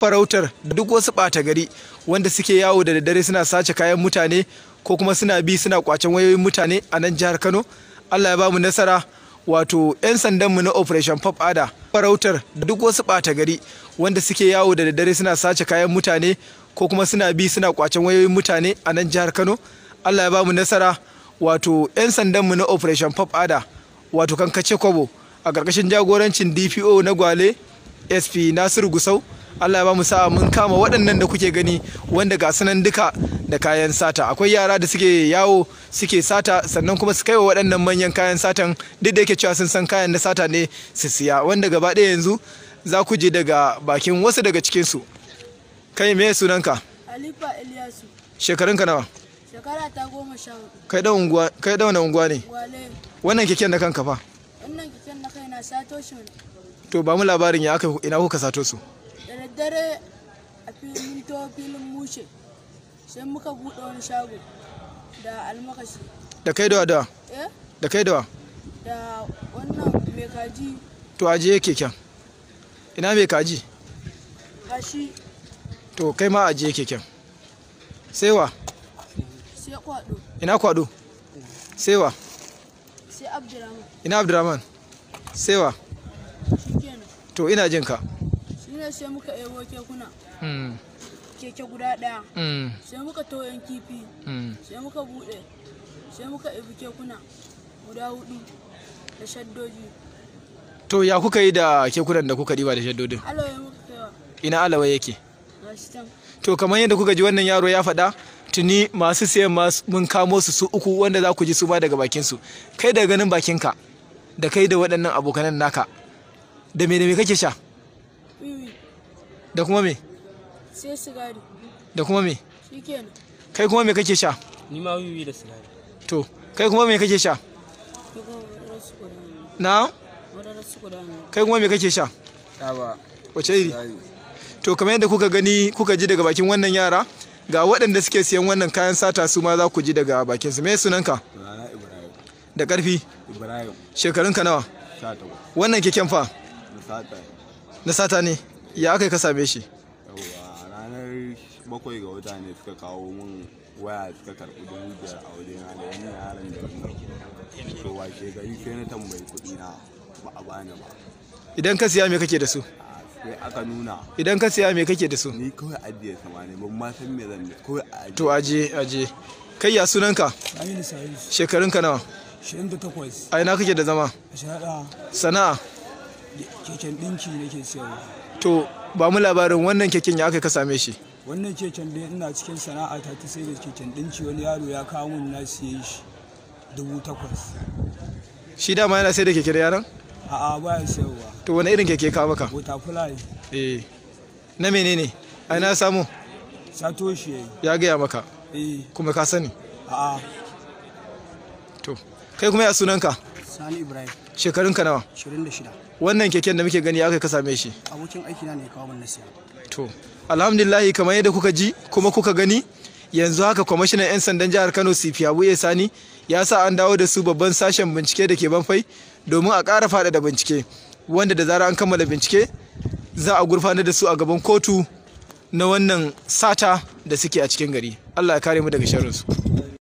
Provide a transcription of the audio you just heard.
farautar da duk wasu ɓata gari wanda suke yawo da daddare suna sace kayan mutane ko kuma suna bi suna kwacen wayoyin mutane a nan jihar Kano Allah ya ba nasara wato 'yan sandanmu na operation pop ada farautar da duk wasu ɓata gari wanda suke yawo da daddare suna sace kayan mutane ko kuma suna bi suna kwacen wayoyin mutane a nan jihar kano allah ya bamu nasara wato 'yan sandanmu na operation pop ada wato kankace kwabo a ƙarƙashin jagorancin dpo na gwale sp nasiru gusau Allah ya ba mu sa mun kama waɗannan da kuke gani wanda ga sunan duka da kayan sata akwai yara da suke yawo suke sata sannan kuma su kaiwa waɗannan manyan kayan satan duk da yake cewa sun san kayan na sata ne su siya wanda gaba ɗaya yanzu za ku je daga bakin wasu daga cikin su kai me sunanka Alifa Iliyasu shekarunka nawa shekara ta goma sha hudu kai da unguwa kai da wani unguwa ne wannan keken da kanka fa wannan keken na kaina sato shi to ba mu labarin ya aka ina kuka sato su dare a filin to filin mushe sai muka buɗe wani shago da almakashi da kai da da eh? da kai da da wannan mai kaji to aje yake kyan ina mai kaji kashi to kai ma aje yake kyan sai wa sai kwado ina kwado sai wa sai abdurrahman ina abdurrahman sai wa to ina jinka ne sai muka ebo kekuna hmm. keke guda ɗaya hmm. sai muka toyon kifi hmm. sai muka buɗe sai muka ibi kekuna guda hudu da shaddoji to ya kuka yi da kekunan da kuka diba da shaddodin alawaye muka kaiwa ina alawaye yake to kamar yadda kuka ji wannan yaro ya faɗa tuni masu sayan mun kamo su su uku wanda za ku ji su ba daga bakin su? kai da ganin bakinka da kai da waɗannan abokanan naka da me da me kake sha da kuma me sai sigari da kuma me shikenan kai kuma me kake sha ni ma wiwi da sigari to kai kuma me kake sha na kai kuma me kake sha taba wace iri to kamar yadda kuka gani kuka ji daga bakin wannan yara ga waɗanda suke siyan wannan kayan sata su ma za ku ji daga bakin su me sunanka da ƙarfi shekarunka nawa wannan keken fa na sata ne ya aka yi ka same shi ranar bakwai ga wata ne suka kawo mun waya suka karɓi dubu biyar a wajen na da wani yaran da ban karɓi to washe gari sai na tambayi kuɗi na ba a bani ba idan ka siya me kake da su sai aka nuna idan ka siya me kake da su ni kawai ajiye sama ne ban ma san me zan yi kawai ajiye to aje aje kai ya sunanka Aminu shekarun ka nawa 28 a ina kake da zama sana'a keken dinki nake siyarwa to ba mu labarin wannan keken ya aka ka same shi wannan keken dai ina cikin sana'a ta ta sai da keken dinci wani yaro ya kawo mun na siye shi dubu takwas shi dama yana sai da keke da yaran a'a ba ya sayarwa to wani irin keke ka maka wata fulani eh na menene A na samu satoshi ya gaya maka eh kuma ka sani a'a to kai kuma ya sunanka Sani Ibrahim. Shekarun ka nawa? 26. Wannan keken da muke gani ya kai ka same shi. Abokin aiki na ne kawo min nasiya. To, alhamdulillah kamar yadda kuka ji kuma kuka gani yanzu haka kwamishinan 'yan sandan jihar Kano Sifi Abu Sani ya sa an dawo da su babban sashen bincike da ke banfai domin a ƙara da bincike wanda da zara an kammala bincike za a gurfanar da su a gaban kotu na wannan sata da suke a cikin gari. Allah ya kare mu daga sharrinsu.